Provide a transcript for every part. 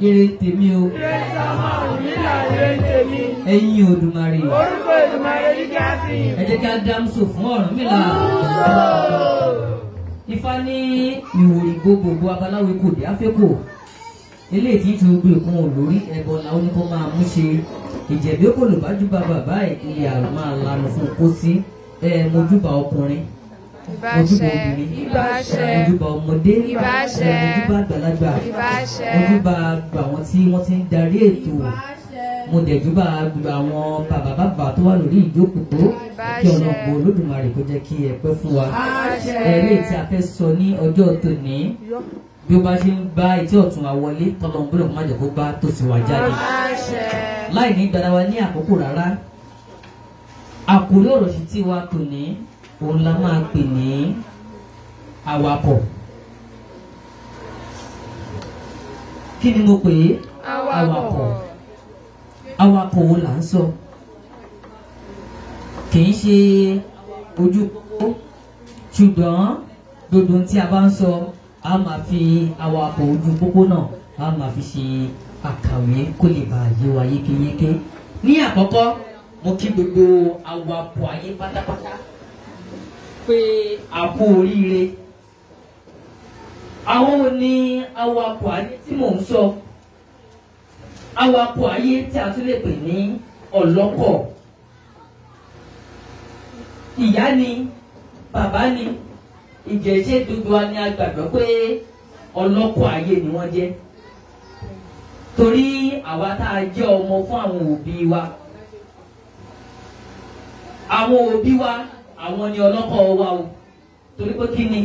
ire tèmi o. ire tí a máa wù mí là ire tèmi. ẹ̀yin Olùmarè. orúkọ Olùmarè ní kí a fi yìn. ẹ jẹ́ kí a dámsò fún Ọ̀rúnmìlà. Ifá ní ìwòrì gbogbogbò abaláwo kò dé afẹ́kò eléyìí tí tún gbé kún olórí ẹbọ làwọn oníkó máa mú ṣe ìjẹ̀bí kò lò bá jù bá bàbá ìyá máa lanu fún kó sí ẹ mojúbà ọkùnrin ìbáṣẹ ìbáṣẹ ojúbà ọmọdé ìbáṣẹ ojúbà àgbàlagbà ìbáṣẹ ojúbà àwọn tí wọ́n ti ń darí ètò mo dẹ̀júbà gbogbo àwọn bàbá bàbá tó wà lórí ìjókòó kí ọlọ́pọ̀ olódùmarè kó jẹ́ kí ẹ pẹ́ fún wa ẹ̀rẹ́ tí a fẹ́ sọ ní ọjọ́ tòní bí ó bá ṣe ń bá etí ọ̀tún wa wọlé tọ́lọ́ gbọ́dọ̀ kó má jẹ́ kó bá tòsí wa jáde láì ní gbadawa ní àkókò rárá àkórí ọ̀rọ̀ sí tiwa tòní òun la máa pè ní awakọ̀ kí ni mo pè é awakọ̀ awakọ̀ òun là ń sọ kì í ṣe ojú pópó ṣùgbọ́n gbogbo tí a bá ń sọ a máa fi awakọ̀ ojú pópó náà a máa fi ṣe àkàwé kó lè bàa yé wa yékéyéké ní àkọ́kọ́ mo kí gbogbo awakọ̀ ayé pátápátá pé a kú oríire àwọn ò ní awakọ̀ ayé tí mò ń sọ awakọ̀ ayé tí a tún lè pè ní ọlọ́kọ̀ ìyá ni bàbá ni ìjẹ́jẹ́ gbogbo wa ni a gbàgbọ́ pé ọlọ́kọ̀ ayé ni wọ́n jẹ́ torí àwa tá a jẹ́ ọmọ fún àwọn òbí wa àwọn òbí wa àwọn ni ọlọ́kọ̀ wa o torí pé kí ni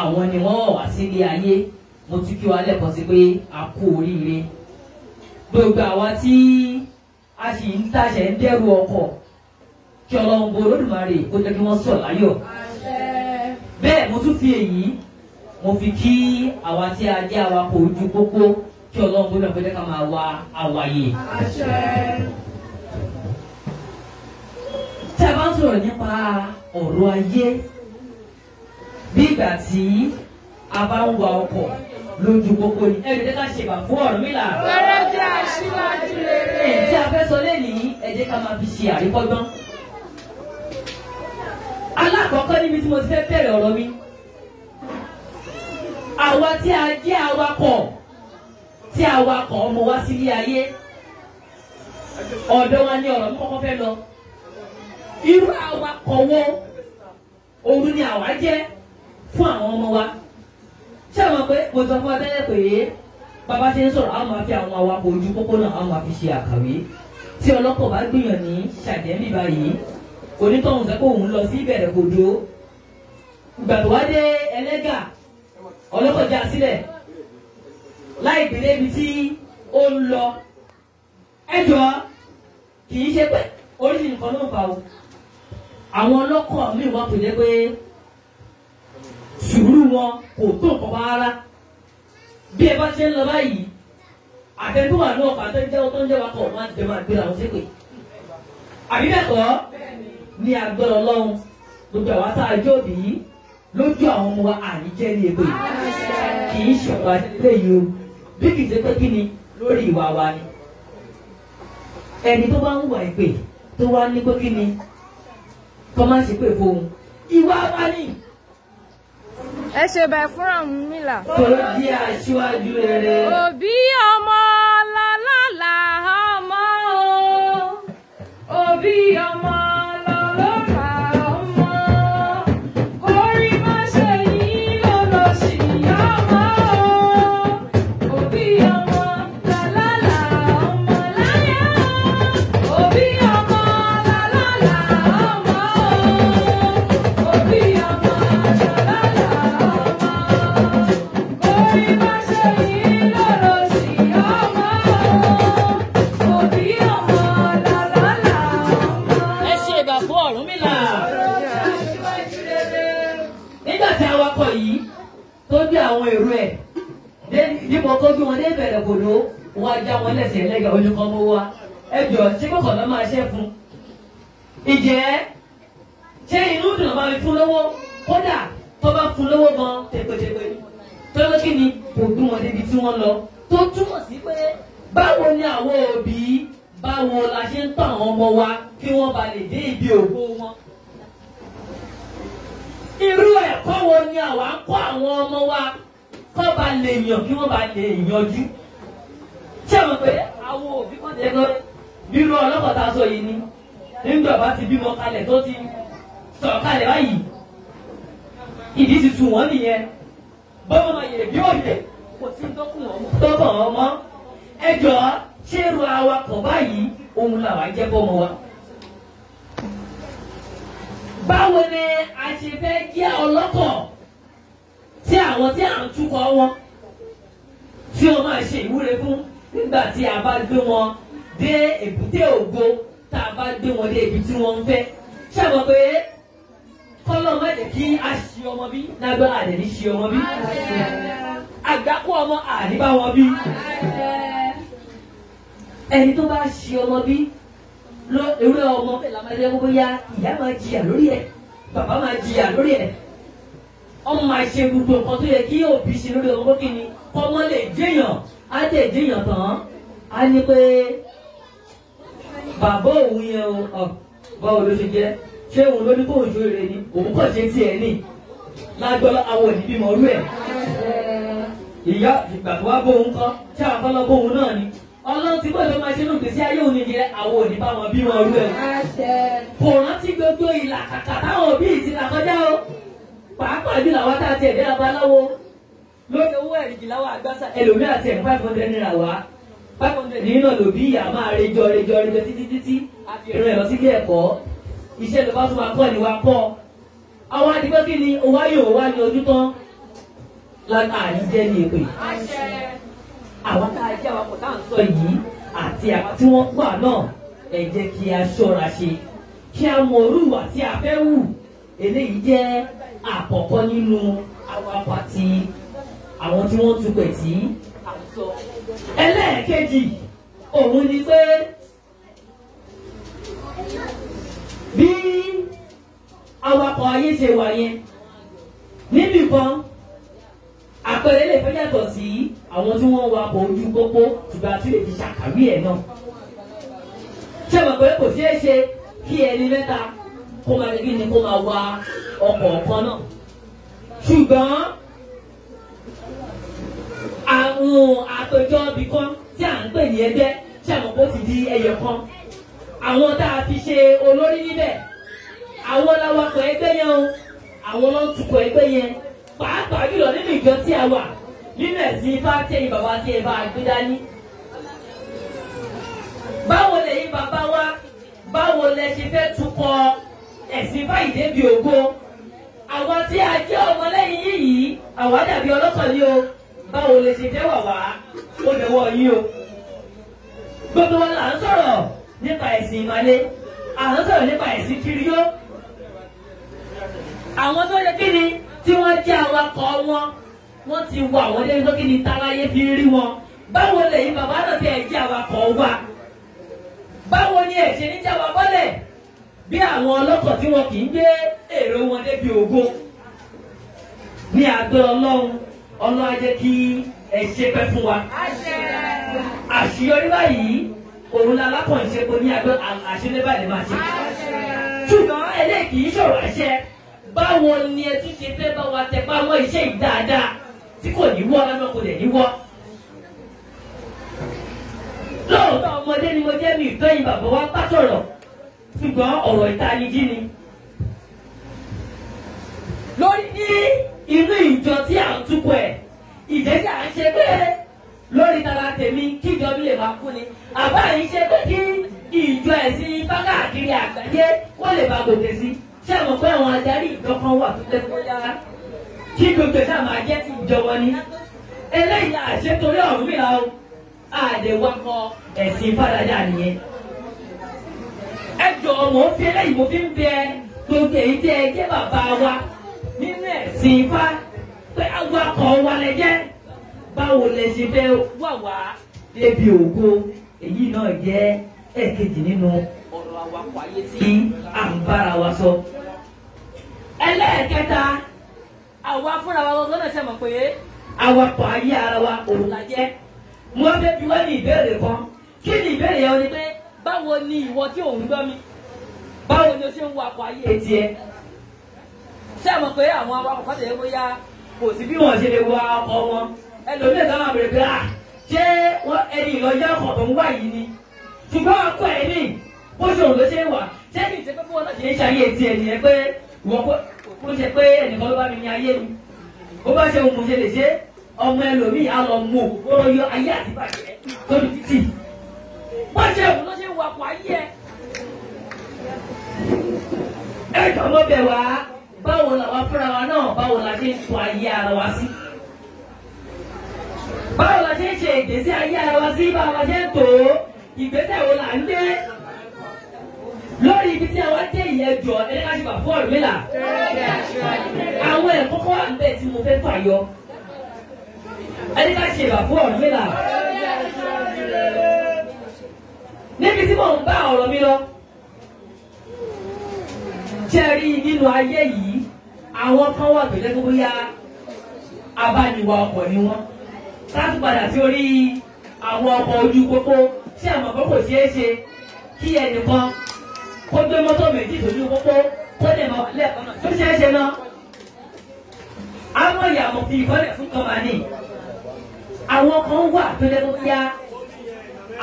àwọn ni wọ́n wọ̀ sílé ayé mo ti kí wa lẹ́kọ̀ọ́ sí pé a kú oríire gbogbo àwa tí a sì ń tàṣẹ ń dẹ́rù ọkọ̀ kí ọlọ́run bo olódùmarè kó jẹ́ kí wọ́n sọ̀ láyọ̀ bẹ́ẹ̀ mo tún fi èyí mo fi kí àwa tí a jẹ́ awakọ̀ ojú pópó kí ọlọ́run bo náà kó jẹ́ ká máa wa àwàyè. sọ̀rọ̀ nípa ọ̀rọ̀ ayé bí ìgbà tí a bá ń wa ọkọ̀ lójú gbogbo ni ẹ jẹ́ ká ṣe bà fún Ọ̀rúnmìlà. ọ̀rẹ́ jẹ́ aṣíwájú rere. èyí tí a fẹ́ sọ lẹ́nìí ẹ jẹ́ ká máa fi ṣe àríkọ́gbọ́n. alákọ̀ọ́kọ́ níbi tí mo ti fẹ́ bẹ̀rẹ̀ ọ̀rọ̀ mi. àwa tí a jẹ́ awakọ̀ tí awakọ̀ ọmọ wa sílé ayé ọ̀dọ̀ wa ni ọ̀rọ̀ mi kọ́kọ́ fẹ́ lọ irú awakọ̀ wo òru ni àwa jẹ́ fún àwọn ọmọ wa ṣé àwọn pé mo sọ fún ọ pé bàbá ṣe ń sọ̀rọ̀ àwọn máa fi àwọn awakọ̀ ojú pópó náà àwọn máa fi ṣe àkàwé tí ọlọ́pọ̀ bá gbìyàn ní ṣàdẹ́mì báyìí onítọ̀hún sẹ́kọ̀ òun lọ sí ìbẹ̀rẹ̀ gbòdo gbàdúwádé ẹlẹ́gà ọlọ́pọ̀ já sílẹ̀ láì gbé débi tí ó ń lọ ẹjọ́ kì í ṣe pé oríṣi nǹkan ló ń fa o àwọn ọlọ́kọ̀ mi wà kò jẹ́ pé sùúrù wọn kò tó nǹkan bá rárá bí ẹ bá ṣe ń lọ báyìí àtẹnudúwà náà àtẹnudúwà tó ń jẹ́ wakọ̀ máa ń jẹ máa gbéra wọn sí pé àbíbẹ̀kọ́ ní agbára ọlọ́run gbogbo àwa tá a jó òbí yìí lójú àwọn ọmọ wa àníjẹ́ ní egbò yìí kì í ṣọ̀pá léyìí o bí kìí ṣe pé kí ni lórí ìwà wa ni ẹni tó bá ń wà ìpè tó wá ní pé kí ni kọ́ má sì pè fóun ìwà wa ni. ẹ ṣe bẹ́ẹ̀ fúnra mi là. kò di aṣíwájú rere. òbí ọmọ ní àwọn òbí báwo la ṣe ń tọ́ àwọn ọmọ wa kí wọ́n ba lè dé ibi ògo wọn. irú ẹ̀kọ́ wo ni àwa ń kọ́ àwọn ọmọ wa kọ́ ba lè yàn kí wọ́n ba lè yanjú. ṣé o mọ̀ pé àwọn òbí kan ti ẹgbẹ́ bírú ọlọ́kọ̀tà sọ yìí ni nígbà bá ti bímọ kalẹ̀ tó ti sọ̀rọ̀ kalẹ̀ báyìí ìdí ti tù wọ́n nìyẹn bọ́mọ yẹ̀ bí òye kò sí dọ́kùn wọn tó bọ̀ wọ́n mọ́ ẹ jọ̀ọ́ ṣéèrú awakọ̀ báyìí òun làwa jẹ́ bọ́mọ wa. báwo ni a ṣe fẹ́ jẹ́ ọlọ́kọ̀ tí àwọn tí à ń túkọ̀ wọn tí wọ́n máa ṣe ìwúre fún nígbà tí a bá gbé wọn dé èbúté ògo tá a bá gbé wọn dé ibi tí wọ́n ń fẹ́ ṣàbọ̀ pé kọ́lọ́ má jẹ́ kí a ṣe ọmọ bí lágbára àdẹ̀ ní ṣe ọmọ bí àgbákò ọmọ àríbá wọn bí ẹni tó bá ṣe ọmọ bí ewúrẹ́ ọmọ bẹ́ẹ̀ la máa rí ẹgbẹ́ bóyá ìyá máa jìyà lórí ẹ̀ bàbá máa jìyà lórí ẹ̀ ọmọ máa ṣe gbogbo nǹkan tó yẹ kí òbí ṣe lórí ọmọ kí ni kọ́mọ lè jẹ́yàn á dẹ̀ jẹ́yàn tán á ní pé bàbá òun yẹn o báwo ló ṣe jẹ́ ṣé òun ló ní kóun ṣe rere ni òun kàn ṣe tiẹ̀ ní lágbọ́lá àwọn òní bímọ orú ẹ̀ ìyá ìgbà bóun kọ́ ṣé àkọ́lọ́ bóun náà ni ọlọ́run ti gbọ́dọ̀ máa ṣe lóògbé sí ayé òní yẹn àwọn òní bá wọn bí wọn rú ẹ. kò rántí gbogbo ìlà kàkà táwọn òbí ti là kọjá o pàápàá bí làwọn tá a ti ẹ̀dẹ́ abaláwo lórí owó ẹ̀rìndínláwọ̀ àgbàsà ẹlòmí àti ẹ̀ five hundred naira wá five hundred nínú ló bí ìyá máa rejọ rejọ rejọ títí títí àfi ẹ̀rọ sílé ẹ̀kọ́ iṣẹ́ ló bá tún máa kọ́ ni wá kọ́ àwọn adigun kí ni owó ayò wá ní ojú àwọn tá a jẹ́ awakọ̀ tá à sọ yìí àti àwọn tí wọ́n wà náà ẹ jẹ́ kí a ṣọ́ra ṣe kí a mọ orú ìwà tí wù eléyìí jẹ́ àkọ́kọ́ nínú awakọ̀ àti àwọn tí wọ́n tukọ̀ tí à sọ. ẹlẹ́ẹ̀kejì òun ni pé bí awakọ̀ ayé ṣe wà yẹn níbì kan àpẹẹrẹ lè fẹ́ yàtọ̀ sí àwọn tí wọ́n ń wakọ̀ ojú pópó ṣùgbọ́n àti lè fi ṣàkàwé ẹ̀ náà. ṣé mọ̀ pé kò ṣeé ṣe kí ẹni mẹ́ta kó máa débi ni kó máa wa ọkọ̀ ọ̀kan náà. ṣùgbọ́n àwọn àpéjọ ibì kan tí à ń pè ní ẹgbẹ́ ṣé àwọn kò ti di ẹyọ kan. àwọn tá a fi ṣe olórí níbẹ̀ àwọn làwakọ̀ ẹgbẹ́ yẹn o àwọn ló tukọ̀ ẹgbẹ́ yẹn pàápàá jùlọ nínú ìjọ tí a wà nínú ẹ̀sìn ifá tí ẹ̀yin bàbá tí ẹ bá gbé dání. báwo lẹ̀yin bàbá wa báwo lẹ ṣe fẹ́ tukọ̀ ẹ̀sìn ifá ìdébí ògo àwọn tí a jẹ́ ọmọlẹ́yìn yìí àwa dàbí ọlọ́kọ̀ ni o báwo lẹ ṣe fẹ́ wà wá ó lẹ́wọ́ yín o. gbogbo wọn là ń sọ̀rọ̀ nípa ẹ̀sìn ìmàle à ń sọ̀rọ̀ nípa ẹ̀sìn kiriyó àwọn tó yẹ kí ni tí wọ́n jẹ́ awakọ̀ wọn wọ́n ti wọ àwọn ilé tó kí ni táláyé fi rí wọn báwo lẹ́yìn bàbá náà ti ẹ̀ jẹ́ awakọ̀ wa báwo ni ẹ̀ ní jáwa bọ́lẹ̀ bí àwọn ọlọ́kọ̀ tí wọn kì í gbé èrò wọn débi ògo ní àgbẹ ọlọ́run ọlọ́ ajẹ́ kí ẹ ṣe pẹ́ fún wa. àṣeyọrí báyìí òun la lápọ̀ ìṣẹ́gun ní àgbẹ̀ àṣẹlẹ̀ báyìí máa ṣe. ṣùgbọ́n eléyìí í ṣòro àṣẹ báwo ni ẹ tún ṣe fẹ́ bá wa tẹpá mọ́ iṣẹ́ ìdáadáa tí kò ní wọ́ lọ́nà kò dẹ̀ ní wọ́. lóòótọ́ ọmọdé ni mo jẹ́ mi ìtọ́yìn bàbá wa bá sọ̀rọ̀ ṣùgbọ́n ọ̀rọ̀ ìtanijí ni. lórí ní inú ìjọ tí à ń túkọ̀ ẹ̀ ìjẹ́jà ń ṣe pé lórí tara tèmi kíjọ mi lè máa kú ni àbá yìí ṣe pé kí ìjọ ẹ̀sìn fákàkiri àgbáyé kó lè máa gòkè sí i ṣé àwọn pé àwọn adarí ìjọkan wà tó tẹ́kọ̀ yára kí gbogbo ìta máa jẹ́ ti ìjọba ni eléyìí àṣetorí ọ̀rùn mi làwọn àdèwakọ̀ ẹ̀sìn fàdájà nìyẹn ẹ jọ̀ọ́ mò ń fi eléyìí mo fi ń bẹ gbogbo èyí tí ẹ jẹ́ bàbá wa nínú ẹ̀sìn Ifá pé awakọ̀ wa lẹ jẹ́ báwo lẹ ṣe fẹ́ wà wá débi ògo èyí náà jẹ́ ẹ̀kejì nínú ọ̀rọ̀ tí à ń bára wa sọ. ẹlẹ́ẹ̀kẹta àwa fúnra wa gbọ́dọ̀ ṣe mọ̀ pé awakọ̀ ayé ara wa òun la jẹ́ mo fẹ́ bi wá ní ìbéèrè kan kí ni ìbéèrè yẹn o ni pé báwo ni ìwọ tí òun gbọ́ mi báwo ni o ṣe ń wakọ̀ ayé tiẹ̀ ṣe mọ̀ pé àwọn awakọ̀ kan tẹ̀lé bóyá kò sí bí wọ́n ṣe lè wa ọkọ̀ wọn ẹlòmíràn kan máa bèrè pé ṣé ẹni ìlọjọ́ ọkọ̀ tó ń wá yìí ni ṣùgbọ́n ọkọ̀ ẹ̀ ó ṣòro ló ṣe wà ṣé kì pé wọ́n náà ṣe é ṣe ayé tiẹ̀ nìyẹn pé wọ́n kó ṣe pé ẹnìkan ló bá mi ní ayé mi ó bá ṣe òun kò ṣe lè ṣe ọmọ ẹlòmíì á lọ mú òkúrò yọ ayé àti bàjẹ́ lórí títì wọ́n ṣe òun ló ṣe ń wakọ̀ ayé ẹ. ẹ jọ̀ọ́ mọ́ wá báwo làwa fúnra wa náà báwo la ṣe ń tu ayé ara wa sí báwo la ṣe ń ṣe ìgbésí ayé ara wa sí báwo la ṣe ń tò ìgbésẹ̀ wo là ń lé lórí ibi tí a wá dé ìyẹn jọ ẹni ká ṣe bà fún ọ̀rùn mìlá. àwọn ẹ̀kọ́ kọ́ wà níbẹ̀ tí mo fẹ́ fà yọ. ẹni ká ṣe bà fún ọ̀rùn mìlá. níbi tí mò ń bá ọ̀rọ̀ mi lọ. jẹ́rí nínú ayé yìí àwọn kan wà pẹ̀lẹ́ gbogbo yá abániwa ọkọ̀ ni wọ́n. láti padà sí orí àwọn ọkọ̀ ojú pópó tí àmọ̀kọ́ kò ṣeé ṣe kí ẹnìkan kó gbé mọ́tò méjì sójú pópó kó lè mọ lẹ́ẹ̀kan náà tó ṣeé ṣe náà. àwọn ìyàwó fi ìkọ́lẹ̀ fún kan máa ní. àwọn kan wà tó lẹ́nu kíá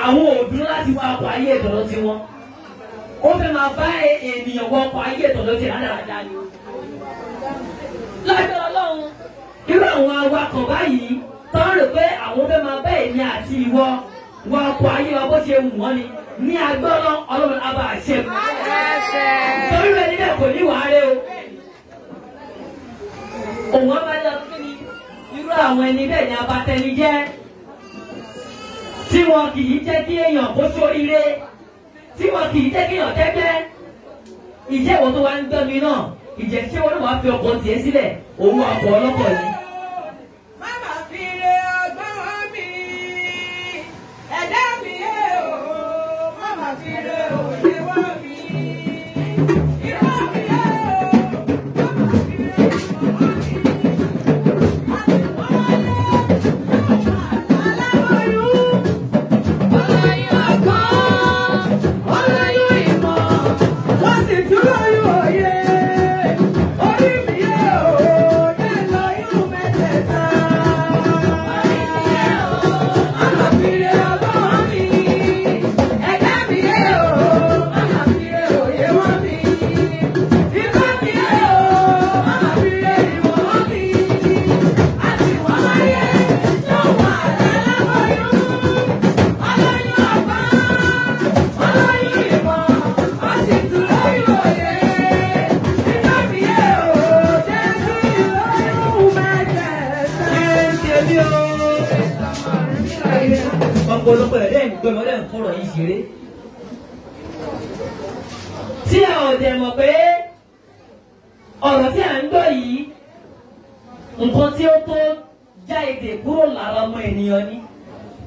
àwọn òdúró láti wá ọkọ̀ ayé ìtọ́lọ́ sí wọn. ó fẹ́ máa bá ènìyàn wọ ọkọ̀ ayé ìtọ́lọ́ sí rádaràdà ni. lábẹ́ ọlọ́run irú àwọn awakọ̀ báyìí tọ́ rò pé àwọn fẹ́ máa bá èmi àti ìwọ wọn akọ ayé wa bó ṣe wù ni ní agbọ́dọ̀ ọlọ́run abá àṣẹ mu. torí rẹ̀ níbẹ̀ kò ní wàá rẹ o. òun ọba yọ kí ni irú àwọn ẹni bẹ́ẹ̀ ni abatẹni jẹ́ tí wọn kì í jẹ́ kí èèyàn kó sóríire tí wọn kì í jẹ́ kí èèyàn tẹ́gbẹ́ ìjẹ́wọ́ tó wá ń gbẹ́mi náà ìjẹ́ ló wàá fi ọkọ̀ tiẹ̀ sílẹ̀ òun akọ̀ ọlọ́kọ̀ yìí. ṣeré tí a ò dẹ̀ mọ̀ pé ọ̀rọ̀ tí a ń gbọ́ yìí nǹkan tí ó tó já èdè kúrò lára ọmọ ènìyàn ni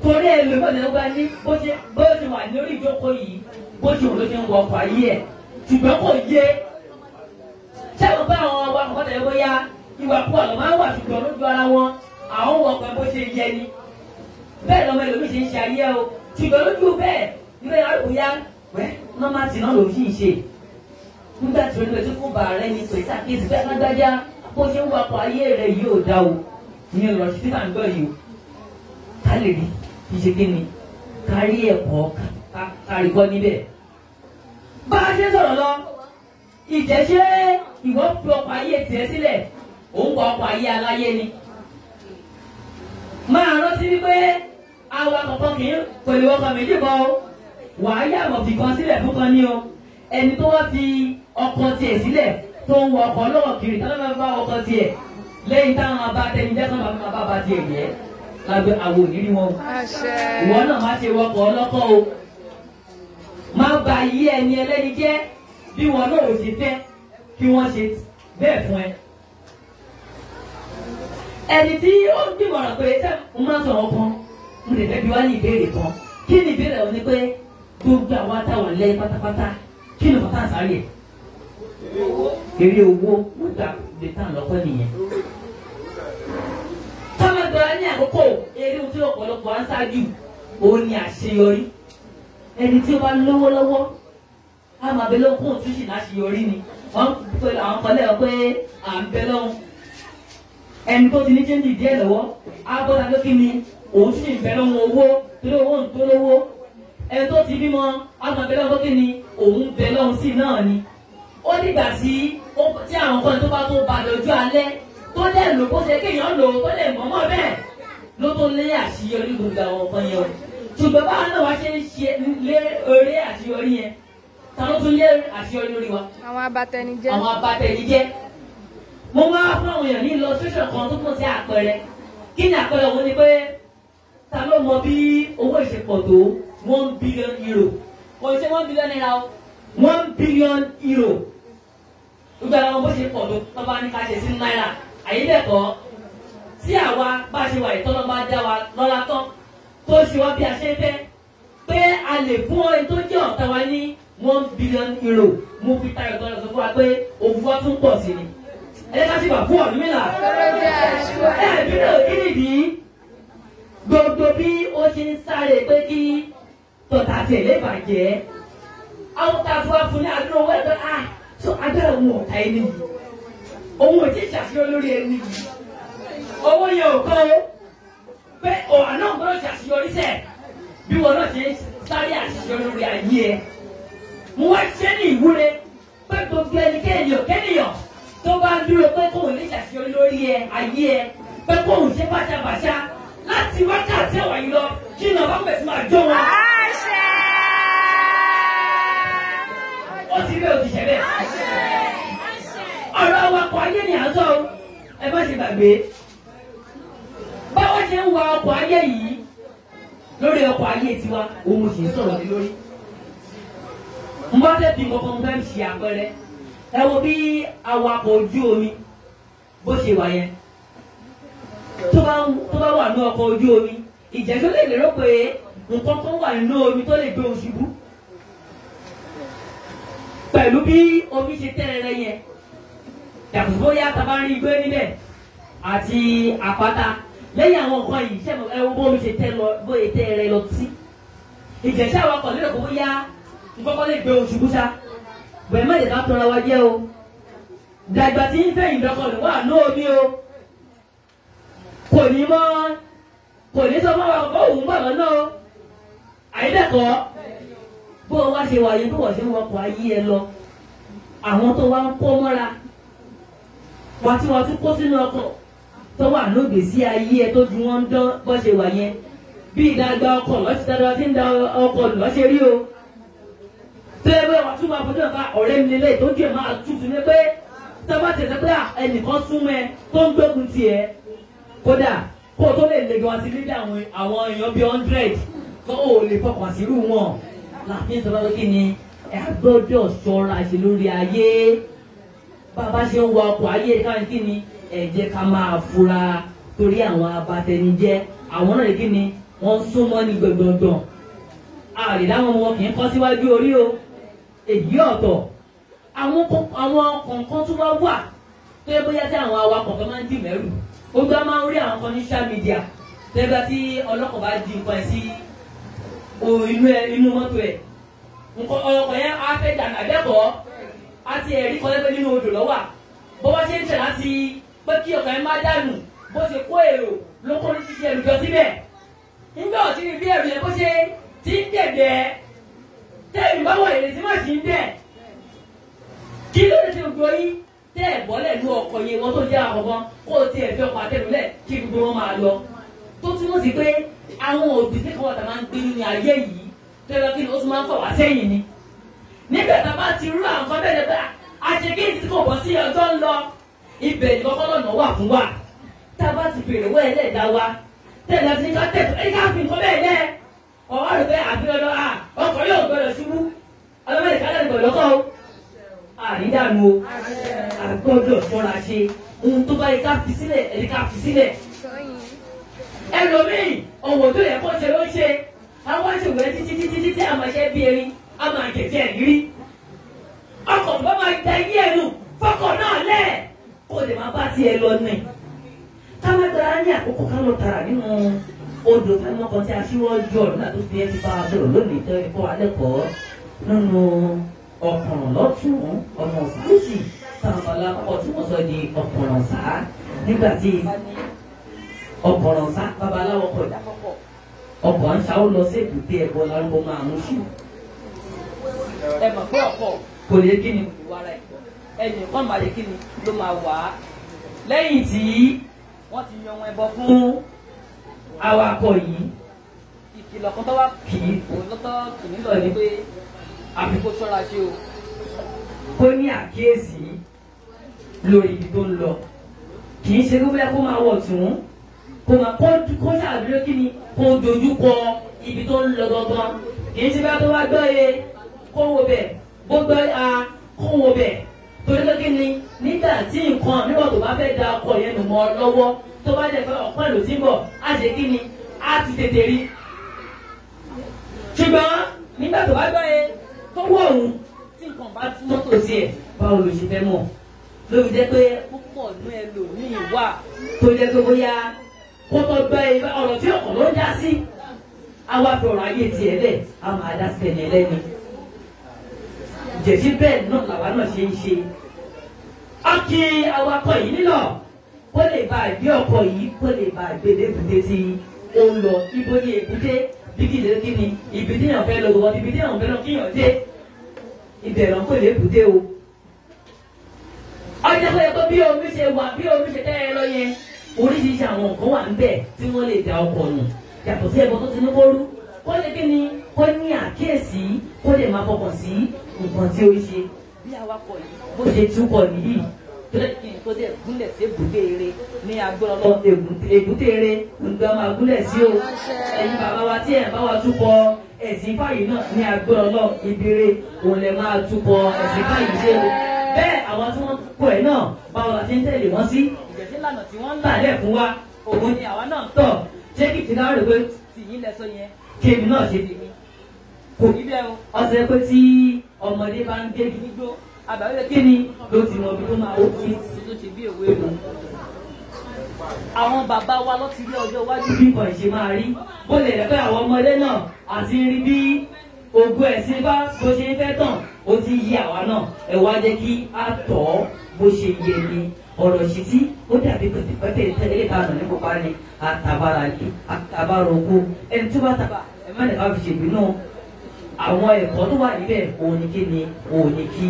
torí ẹlòmíràn ló bá ní bó ṣe bó ṣe wà lórí ìjókòó yìí bó ṣe wò ló ṣe ń wọ ọkọ̀ ayé ẹ̀ ṣùgbọ́n kò yé ṣẹ́gun bá àwọn ọwọ́ àkọ́kọ́ tẹ̀lé bóyá ìwà púpọ̀ lọ́ máa ń wà ṣùgbọ́n lójú ara wọn àwọn wọ̀ pé bó ṣe yẹ ni bẹ́ẹ̀ lọ́mọ ẹlòmíì ṣe ń ṣe ayé o ṣùgbọ́n lójú bẹ́ẹ̀ ìwé àrùbíyá wẹ́ nọ́mà tì náà lòun yìí ṣe nígbà tí olú ẹtí fún bàárẹ̀ ní pé sàkíyèsí pé alágbájá bó ṣe ń wakọ̀ ayé rẹ̀ yóò dá o ní ọ̀rọ̀ sí máa ń gbọ́ yìí o ká lè rí kí ṣe kí ni kárí ẹ̀kọ́ kárí kọ́ níbẹ̀. bá a ṣe sọ̀rọ̀ lọ ìjẹ́ ṣé ìwọ fi ọkọ̀ ayé tiẹ̀ sílẹ̀ òun wọ ọkọ̀ ayé aláyé ni. máa rántí wípé awakọ̀ kan kì í pẹ̀lú ọkọ̀ méjì bọ́ o wàá yàgò fìkan sílẹ̀ fún kan ní o ẹni tó wá fi ọkọ tiẹ̀ sílẹ̀ tó ń wọ ọkọ lọ́wọ́ kiri tó lọ́wọ́ bá ọkọ tiẹ̀ lẹ́yìn táwọn abátẹnijẹ́ kan bàbá bá bá tiẹ̀ yẹ lábẹ́ àwọn òníri wọn ìwọ náà má ṣe wọkọ ọlọ́kọ o má ba yí ẹni ẹlẹ́ni jẹ́ bí wọn náà ò ṣe fẹ́ kí wọ́n ṣe bẹ́ẹ̀ fún ẹ ẹni tí ó ń bímọ rà pé ṣé mo máa sọ̀rọ̀ kan mo lè fẹ́ bí wá ní ìbéèrè kan kí ni ìbéèrè ò ní pé gbogbo àwọn atáwọn lẹ́yìn pátápátá kí ni kọ́tà sáré ẹ̀ eré owó wọ́n gbà lè tàn lọ́pọ̀ nìyẹn. tọ́lọ́gbọ̀n ní àkókò eré tí ọ̀pọ̀lọpọ̀ á ń ṣáájú òun ni àṣeyọrí ẹni tí ó bá lówó lọ́wọ́ á máa bẹ lọ́wọ́ kóun tún sì láṣeyọrí ni àwọn kan lẹ́yìn pé à ń bẹ lọ́wọ́ ẹni tó ti ní jẹ́ńdì díẹ̀ lọ́wọ́ á bọ́dà lókè ni òun sì ń bẹ lọ́wọ́ owó torí owó ń tó lówó ẹni tó ti bímọ agbọ̀nbẹ́lẹ́ ọkọ kí ni òun bẹ lọ́hùn sí náà ni ó nígbà tí tí àwọn kan tó bá tó ba lójú alẹ́ tó dẹ̀ lò bó ṣe kéèyàn lò ó lè mọ́mọ́ bẹ́ẹ̀ ló tó lé àṣeyọrí gbogbo àwọn kan yẹn o ṣùgbọ́n báwa náà wá ṣe ń ṣe lé eré àṣeyọrí yẹn ta ló tún lé àṣeyọrí lórí wa. àwọn abatẹnijẹ́. àwọn abatẹnijẹ́ mo wá fún àwọn èèyàn ní illustration kan tó kún sí àpẹẹrẹ kí ni àpẹẹrẹ òun ni pé ta ló mọ bí owó ìṣepọ̀ tó one billion euro kò ṣe one billion naira o one billion euro gbogbo àwọn ọmọ bó ṣe pọ̀ tó wọ́n bá ní ká ṣe sí náírà àyílẹ̀kọ́ tí àwa bá ṣe wà ìtọ́nà bá dá wa lọ́la tán tó ṣe wá bí a ṣe ń fẹ́ pé a lè fún ọyìn tó jẹ́ ọ̀tá wa ní one billion euro mo fi tayọ̀ tọ́lọ̀ sọ fún wa pé òfin wa tún pọ̀ sí ni ẹ ká sì wà fún ọ̀dún mìíràn ẹ bí náà kí nìdí gbogbo bí ó ṣe ń sáré pé kí tọ̀tà tiẹ̀ lè bàjẹ́ àwọn tá fún wa fún ní adúrò owó ẹgbẹ́ a tó agbára òun ọ̀tá ẹni yìí òun ò tí ì ṣàfihàn ẹni yìí owó yẹn ò kọ́ pé ọ̀hán náà gbọ́dọ̀ ṣàṣeyọrí sẹ́ẹ̀ bí wọn náà ṣe sáré àṣeyọrí lórí ayé ẹ mo wá ṣe ní ìwúre pé gbogbo ẹnikẹ́ni ọ̀kẹ́niyàn tó bá dúró pé kóun lè ṣàṣeyọrí lórí ẹ ayé ẹ pé kóun ṣe bàṣàbàṣà láti wákàtí ẹ̀wà yìí lọ. kí ni bàbá bẹ̀rẹ̀ sí máa jó wọn. àṣẹ. o ti rí òṣìṣẹ́ bẹ́ẹ̀. àṣẹ. ayé ni à ń sọ ẹ má ṣe gbàgbé báwo ayé ayé tiwa òun sì ń sọ̀rọ̀ mi lórí. n bá fẹ́ bímọ kan fẹ́ ṣe omi bó omi ìjẹ́jú lè lérò pé nǹkan kan wà nínú omi tó lè gbé òun ṣubú pẹ̀lú bí omi ṣe tẹ́rẹ̀rẹ̀ yẹn yàtọ̀ bóyá taba rí igbó níbẹ̀ àti àpáta lẹ́yìn àwọn nǹkan yìí ṣe ẹ wo bómi ṣe tẹ́ lọ bóyá tẹ́rẹ̀ lọ sí ìjẹ́sẹ̀ àwọn akọ̀ lérò pé bóyá nǹkan kan lè gbé òun ṣubú ṣá bẹ̀rẹ̀ má lè ká tọ́ra wa jẹ́ o dàgbà tí ń fẹ́ ìdọ́kọ̀lẹ̀ wà ní omi o kò ní mọ́ kò ní sọ fáwọn ọkọ òun bọ̀ lọ́nà o àyídẹ́kọ̀ bó o wá ṣe wà yẹn tó wọ̀ ṣe wọkọ̀ ayé ẹ lọ àwọn tó wá ń kó mọ́ra wà tí wọ́n ti kó sínú ọkọ̀ tó wà lóògbèsí ayé ẹ tó ju wọn ń dán bó ṣe wà yẹn bí ìdàgbà ọkọ̀ lọ́sí dáadáa ti ń da ọkọ̀ lọ́sẹ̀ rí o tó yẹ pé tún máa fojú ọ̀gá ọ̀rẹ́ mi lélẹ̀ tó jẹ́ máa tutù ní pé tọ́ bá tẹ̀sẹ̀ pé ẹnìkan súnmọ́ ẹ tó ń gbógun tiẹ̀ kódà kó o tó lè lè gan sí lídà àwọn àwọn èèyàn bíi hundred tó o lè fọkàn sírú wọn láti sọ pé kí ni ẹ á gbọ́dọ̀ ṣọ́ra ṣe lórí ayé bàbá ṣe ń wa ọkọ̀ ayé káwọn kí ni ẹ ká máa fura torí àwọn abatẹnijẹ́ àwọn náà kí ni wọ́n súnmọ́ ní gbọ̀ngbọ̀ngbọ̀n àrídáwọn wọn kì í kọ́ síwájú orí o èyí ọ̀tọ̀ àwọn kọ̀ọ̀kan tó wá wà tó yẹ bóyá tí àwọn awakọ̀ kan máa ń dì mẹ́rù gbogbo a máa ń rí àwọn kan ní social media lẹ́gbà tí ọlọ́kọ̀ bá di nǹkan ẹ̀ sí inú ẹ inú mọ́tò ẹ̀ nǹkan ọlọ́kọ̀ yẹn á fẹ́ dànù àbẹ́kọ̀ọ́ á ti ẹ̀rí kan lẹ́gbẹ́ nínú odò lọ́wà bó bá ṣe ń tẹ̀ láti pé kí ọkàn yẹn má dànù bó ṣe kó èrò ló kó ní ṣíṣe ẹ̀rù jọ síbẹ̀ nígbà tí ibi ẹ̀rù yẹn bó ṣe ti ń dẹ̀dẹ̀ tẹ́lifíwáwọ̀ èrè sí má ṣì tẹ́ ẹ̀ bọ́lẹ̀ lu ọkọ̀ yẹn wọn tó jẹ́ àkọ́kọ́ kó o tiẹ̀ fi ọkọ̀ àtẹnulẹ̀ kí gbogbo wọn máa lọ tó túmọ̀ sí pé àwọn òbí tí kan wà tá máa ń gbé nínú ayé yìí tó yẹ kí ni ó tún máa ń fà wá sẹ́yìn ni nígbà tá a bá ti rú àwọn kan bẹ́ẹ̀ bá àṣekí tí kò bọ́ sí ọjọ́ ń lọ ibẹ̀ ni kọ́kọ́ lọ́nà wà fún wa tá a bá ti bèrè wọ́ ẹlẹ́dàá wa tẹ̀lé ti ká tẹ̀sán ẹni ká fi nǹkan bẹ́ẹ̀ lẹ́ ọ̀wá rẹ̀ bẹ́ẹ̀ àrídànù o àgbọ́dọ̀ ṣọ́ra ṣe ohun tó bá yẹ ká fi sílẹ̀ ẹni ká fi sílẹ̀ ẹlòmíì ọ̀wọ̀ tó yẹ kó ṣe ló ṣe àwọn ṣèwé títí títí títí àmọ̀ṣẹ́ bí erin a máa jẹ̀jẹ̀ rírí ọkọ̀ bá máa da ilé ẹnu fọkọ̀ náà lẹ̀ kó lè máa bá tiẹ̀ lọ nì ká ní àkókò ká lọ tara nínú odò fẹ́mọ́ kan tí a sọ̀rọ̀ lónìí ọ̀kùnrùn lọ́tún ọ̀nà òsìkúsì tàǹbàlà ọkọ̀ tí mo sọ di ọ̀kùnrùn sá nígbà tí ọ̀kùnrùn sá babaláwo kọ̀ ìdákọ̀kọ̀ ọkọ̀ àṣà ó lọ sí èbúté ẹ̀bọ lárúbọ máa mú sí. ẹ mọ̀ pé ọkọ̀ kò lè kí ni kò wára ẹ̀kọ́ ẹ̀yìn kan máa lè kí ni ló máa wà á lẹ́yìn tí wọ́n ti yan ẹbọ fún awakọ̀ yìí ìkìlọ̀ kan tó wá kì í òun lọ́tọ̀ kì í lọ ní pé àfi kó sọ́ra ṣe o kó ní àkíyèsí lórí ibi tó ń lọ kì í ṣe kó bẹ́ẹ̀ kó máa wọ̀ tún kó máa kó ṣàdúró kí ni kó dojú kọ ibi tó ń lọ gangan kì í ṣe bá tó wá gbọ́ ye kó wo bẹ̀ bó gbọ́ a kó wo bẹ̀ torí pé kí ni nígbà tí nǹkan nígbà tó bá fẹ́ da ọkọ̀ yẹn nù mọ́ lọ́wọ́ tó bá jẹ́ pé ọ̀pọ̀ èlò tí ń bọ̀ á ṣe kí ni á ti tètè rí ṣùgbọ́n nígbà tó bá gbọ́ òun tí nǹkan bá tú mọ́tò sí ẹ̀ báwo ló ṣe fẹ́ mọ̀ lórí jẹ́ pé púpọ̀ nú ẹ lò ní ìwà tó jẹ́ pé bóyá kó tó gbọ́ e, ọ̀rọ̀ tí ọ̀rọ̀ ló já sí àwa fi ọ̀rọ̀ ayé tiẹ̀ lẹ̀ a máa dá sí ẹ̀yìn ẹlẹ́ni jẹ̀sí bẹ́ẹ̀ náà làwa náà ṣe ń ṣe ọkì awakọ̀ yìí nílọ kó lè bá àgbé ọkọ̀ yìí kó lè bá àgbé lébùté tí ó ń lọ ibo ni èbúté bí kìlẹ̀ kí ni ibi tí fẹ́ lọ gbọ́ ibi tí fẹ́ lọ kí dé ibẹ̀ ló ń pè o ọjọ́ pé ẹ̀kọ́ bí omi ṣe wà bí omi ṣe tẹ́ ẹ lọ yẹn oríṣiríṣi àwọn nǹkan wà níbẹ̀ tí wọ́n lè da ọkọ̀ nù yàtọ̀ sí ẹ̀kọ́ tó ti ní kó kó lè kí ni kó ní àkíyèsí kó lè máa fọkàn sí nǹkan tí ó ṣe bí awakọ̀ yìí bó ṣe túkọ̀ nìyí tó dẹ̀ gúnlẹ̀ sí èbúté eré ní agbóra lọ èbúté eré nǹkan máa gúnlẹ̀ sí o ẹ̀yin bàbá wa tí ẹ̀ bá wa túkọ̀ ẹ̀sìn fàyè náà ní agbára ọlọ́ ìbéèrè òun lè máa túbọ̀ ẹ̀sìn fàyè ṣe o bẹ́ẹ̀ àwọn tí wọ́n kó ẹ̀ náà báwo la ṣe ń tẹ̀lé wọ́n sí ìjẹ́sí lànà tí wọ́n ń là lẹ̀ fún wa òun ni àwa náà tọ̀ ṣé kì í ti náà rè pé tìyín lẹ yẹn kémi náà ṣe tèmi kò ní bẹ́ẹ̀ o ọ̀sẹ̀ pé tí ọmọdé bá ń gé gbígbó àbáwọlé kí ni ló ti mọ ibi tó máa ó sí àwọn bàbá wa ló ti rí ọjọ́ iwájú bí nǹkan ìṣe máa rí bó lè rẹ́ pé àwọn ọmọdé náà àti rí bí ogun ẹ̀sìn bá bó ṣe ń fẹ́ tàn ó ti yí àwa náà ẹ wá jẹ́ kí á tọ̀ ọ́ bó ṣe yẹ ni ọ̀rọ̀ sí tí ó dàbí pẹ̀pẹ̀pẹ̀ tẹ́lẹ̀ ìbàdàn ní kópa ni àtàbàrà ní àtàbàrà oko ẹni tí wọ́n tàbà ẹ má lè bá fi ṣègbè náà àwọn ẹ̀kọ́ tó wà níbẹ̀ òun kí ni òun kí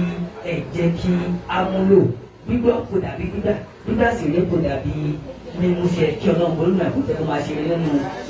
ẹ kí á múlò gbígbọ́ kò dàbí gbígbà gbígbà sì rí kò dàbí 우리 무시에 겨누어 물면 그대로 마시게 되면